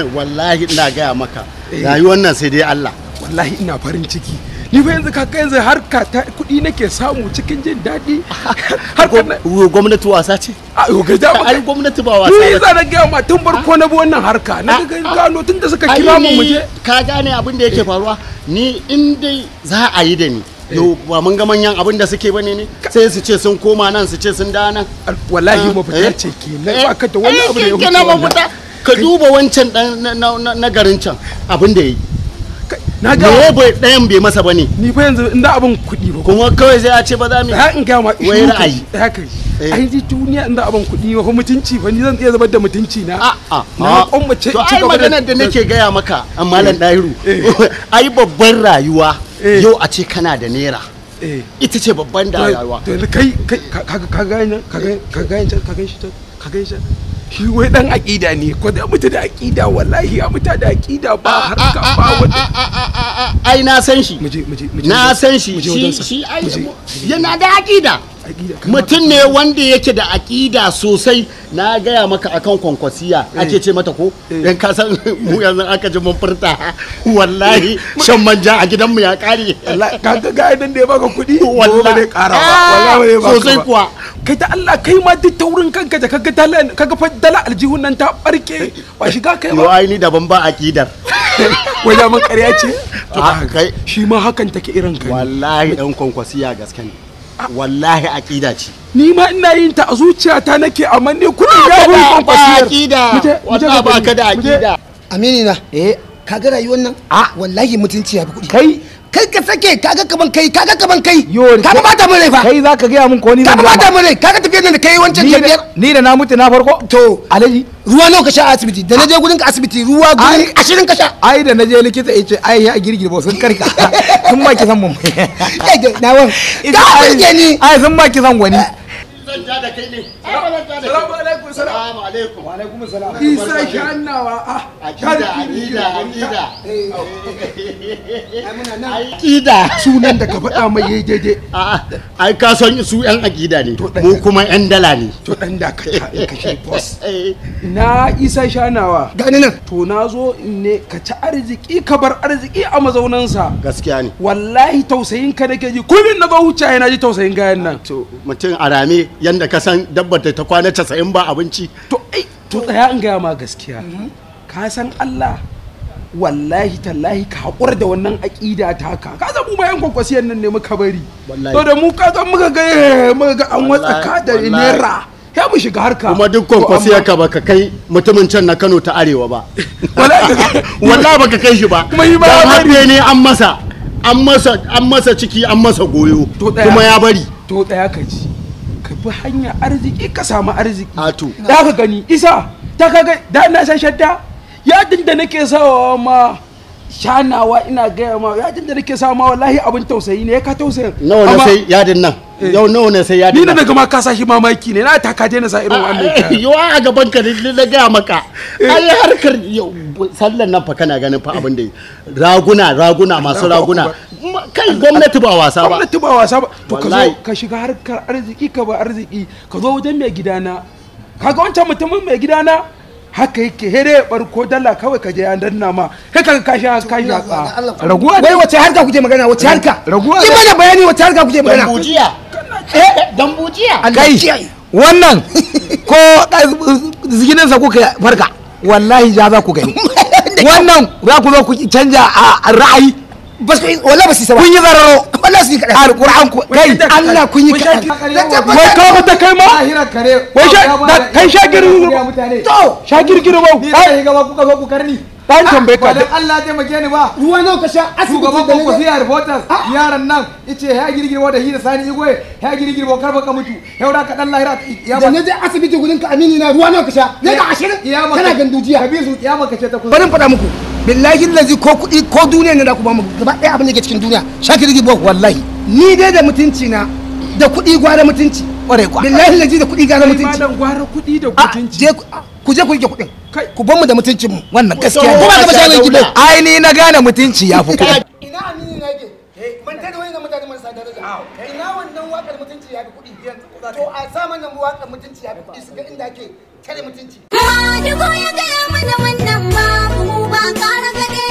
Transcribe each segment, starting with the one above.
wallahi ina gaya maka eh. rayuwar nan sai dai Allah wallahi ina farin ciki ni fa yanzu kaka yanzu harka ta kuɗi nake samu cikin jin daɗi gwamnati wasa ce ai gwamnati ba wasa ba za na gaya ma tun barko na bi wannan harka na ah, ga gano tun da suka kira mu muje ka gane abin da yake eh. faruwa ni in dai za a yi da ni yau eh. ba mun ga manyan abin da suke bane ne sai su ce sun koma nan su ce sun da nan wallahi ah, mafita ce kenan ba ka da wani abu da ya hukunta ka duba wancan na garin can abin da ya yi na ga me bai dayan bai masa bane ni fa yanzu inda abin kuɗi ba kuma kawai sai a ce ba za mu ha in ga ma wai ra'ayi haka eh. ai ji duniya inda abin kuɗi ba mutunci fa ni zan iya zubar da mutunci na a a na kwambace to ai maganar da nake gaya maka Mallam eh. dahiru eh. ai babban rayuwa yau a ce kana da naira ita ce babban da rayuwa to kai ka ga ka ga ka ga ka ga shi ka ga shi shi wai dan aƙida ne ko da mutu da aƙida wallahi a mutu da aƙida ba harka ba wata. ai na san shi na san shi shi yana da aƙida mutum ne wanda yake da aƙida sosai na gaya maka akan kwankwasiya eh. ake ce mata ko yan eh. kasan mu yanzu aka ji mun furta wallahi eh. shan manja a gidanmu ya kare ka ga idan da ya baka kuɗi wallahi ƙara wallahi ba ah! sosai kuwa kai ta Allah kai ma duk taurin kanka da kaga dala kaga fa dala aljihun nan ta barke ba shiga kai ba wai ni daban ba aƙidar wai mun ƙarya ce ah, to kai shi ma hakan take irin kai wallahi dan kwankwasiya gaskiya wallahi aƙida ce ni ma ina yin ta a zuciyata nake amma ni kullum ya hu kan kwasiyar aqida wallahi ba ka da aƙida. amini na eh ga rayuwar nan a ah. wallahi mutunci ya fi kuɗi kai kai ka sake kaga kaman kai kaga kaman kai ka ba ta mun rai fa kai zaka ga mun ko ni ka ba ta mun rai kaga tafiyar nan da kai wancan tafiyar ni da na mutu na farko to alaji ruwa nawa ka sha asibiti da naje gurin ka asibiti ruwa gurin ashirin ka sha ai da naje likita yace ai ya ba sun karka sun ba ki san mun na wan ka ni ai sun ba ki san wani zan ja da kai ne Salamu alaikum salamu alaikum wa alaikum salam Isa shannawa ah akida akida akida akida sunan da ka faɗa mai yayi daidai ai ka san su yan akida ne mu kuma yan dala ne to dan da ka ta ka shi boss eh. na Isa shanawa. gani nan to na zo ne ka ci arziki ka bar arziki a mazaunansa gaskiya ne wallahi tausayin ka nake ji kullun na b'a wuce na ji tausayin gayan nan to mutum arame yanda ka san dabba bata ta kwana casa'in ba abinci to ai to tsaya in gaya ma gaskiya ka san Allah wallahi tallahi ka haƙura da wannan aƙida ta ka ka mu yan kwakwasiyar nan ne muka bari to da mu ka zan muka ga eh, muka ga an watsa ka da naira ya mu shiga harka kuma duk kwakwasiyar ka baka kai mutumin can na Kano ta Arewa ba wallahi baka kai shi ba kuma yi ba ne an masa an masa an masa ciki an masa goyo kuma ya bari to tsaya ka ji ka bi hanya arziki ka samu arziki ato da ka gani isa ta kaga da na san shadda yadin da nake sawa ma shanawa ina gaya ma yadin da nake sawa ma wallahi abin tausayi ne ka tausayi nawa ne sai din nan eh. yau nawa ne sai nan. ni daga ma ka sashi mamaki ne na ta ka dena sa irin wannan yawa ah, a gaban ka na gaya maka eh. ai harkar sallan nan fa kana ganin fa abin da raguna raguna masu raguna kai gwamnati ba wasa ba gwamnati ba wasa ba to ka zo ka shiga harkar arziki ka ba arziki ka zo wajen mai gidana kaga wancan mutumin mai gidana haka yake here barko dalla kawai ka je an danna ma kai ka kashi ka kashi ka raguwa wai wace harka kuke magana wace harka raguwa ki mana bayani wace harka kuke magana dambujiya eh dambujiya kai wannan ko eh, zigininsa kuka farka wallahi ja za ku gani wannan za ku zo ku canja a ra'ayi kun yi zararo wala ku kai Allah kun yi kada wai ka mata kai ma kai sha girgiru to sha girgiru ba ai ga ku ka ku karni ah, tambaye ka dan Allah ya taimake ni ba ruwa nawa ka sha asibiti gaban ku sai reporters ah! yaran nan ice ya girgirwa da hira sani igwe ya girgirwa kar ka mutu yau da ka dan lahira ya ba naje asibiti gudun ka amini na ruwa nawa ka sha ne kana gandujiya kabisu ce ta fada muku billahi lazi ko kuɗi ko duniya ne da ku bamu gaba ɗaya abin da ke cikin duniya shaki rigi bok wallahi ni dai da mutunci na da kuɗi gwara mutunci ƙwarai kwa billahi lazi da kuɗi gwara mutunci malam gwara kuɗi da mutunci je ku je ku rike kuɗin ku bar mu da mutuncin mu wannan gaskiya ko ba ka bashi gidan ai ni na gane mutunci ya fi kuɗi ina amini na ke mun tada wani ga mutane marasa daraja eh, ina wannan wakar mutunci ya fi kuɗi to a sa mana wakar mutunci ya fi kuɗi su ga inda ke kare mutunci ma dugo ya gaya mana wannan ƙara gade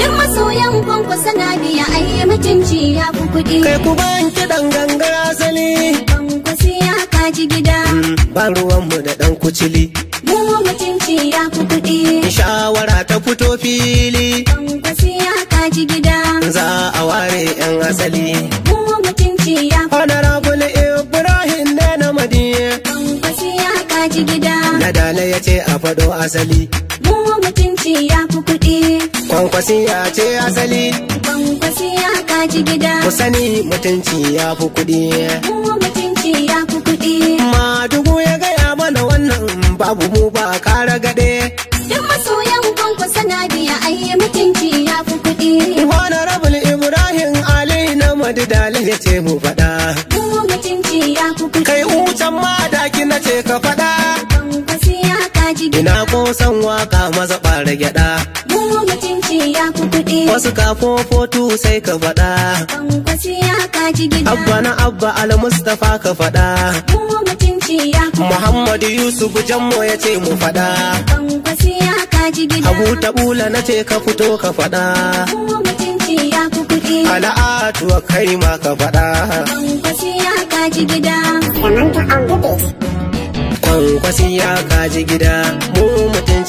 duk masoyan kwankwasa sana biya ai mutunci ya fi kuɗi kai ku ban kiɗan gangar asali kwankwasi ya kaji gida mm, ba ruwanmu da ɗan kucili mu mutunci ya fi kuɗi shawara ta fito fili kwankwasi ya kaji gida za a ware 'yan asali mu mutunci ya fi kuɗi na siya gida. nadala ya ce a faɗo asali. Mu mutunci ya kwankwasiya ce asali kwankwasiya kaji gida ku sani mutunci ya fi kuɗi mutunci ya fi kuɗi madugu ya gaya mana wannan babu mu ba kara gade duk masoyan kwankwasa na biya ai mutunci ya fi kuɗi wani rabin ibrahim ali na madidali ya ce mu faɗa mutunci ya fi kuɗi kai wucan ma daki na ce ka faɗa Ina kosan waka maza ɓara gyaɗa. wasu kafofo sai ka faɗa abba na abba al mustafa ka faɗa muhammadu yusuf jammo ya ce mu faɗa ka gida abu taɓula na ce ka fito ka faɗa mu a kai ma ka faɗa kwankwasiya ka ci gida an gida mu mutum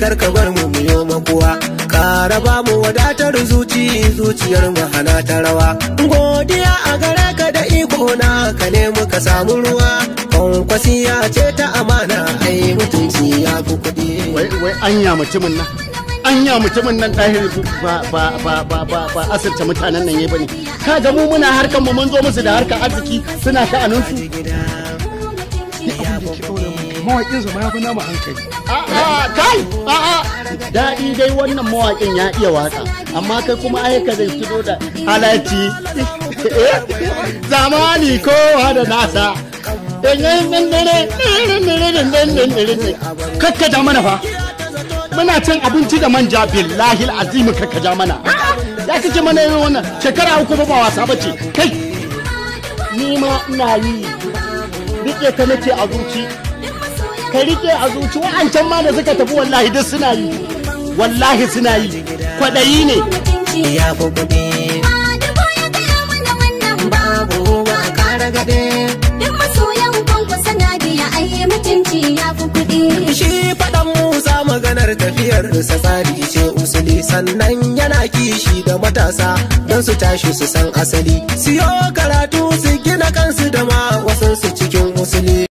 kar ka bar mu mu yo makuwa ƙara ba mu wadatar zuci zuciyar mu hana ta rawa godiya a gare ka da iko na ka ne muka samu ruwa kwankwasi ya ce ta amana ai mutunci ya fi kuɗi wai wai anya mutumin nan anya mutumin nan ɗahir ba ba ba ba ba ba asirce mutanen nan ya bane ka ga mu muna harkan mu mun zo musu da harkan arziki suna ta anunsu da ke ɗaure mai mawaƙin sa ma ya fi nama hankali. A'a kai a'a daɗi dai wannan mawaƙin ya iya waƙa amma kai kuma ai ka zai fito da alaci zamani kowa da nasa. Kakka ja mana fa. Muna cin abinci da manja billahi azimi kakka ja mana. Ya kake mana yin wannan shekara uku ba wasa bace kai. Ni ma ina yi rike ta nake a zuci ka rike a zuci wa'ancan ma da suka tafi wallahi duk suna yi wallahi suna yi kwaɗayi ne ya gobe babu ba kara gabe duk masoyan kwanku sanadiya ai mutunci ya fi kuɗi shi faɗan musa maganar tafiyar sa tsari ce usuli sannan yana kishi da matasa don su tashi su san asali siyo karatu su gina kansu da ma wasansu cikin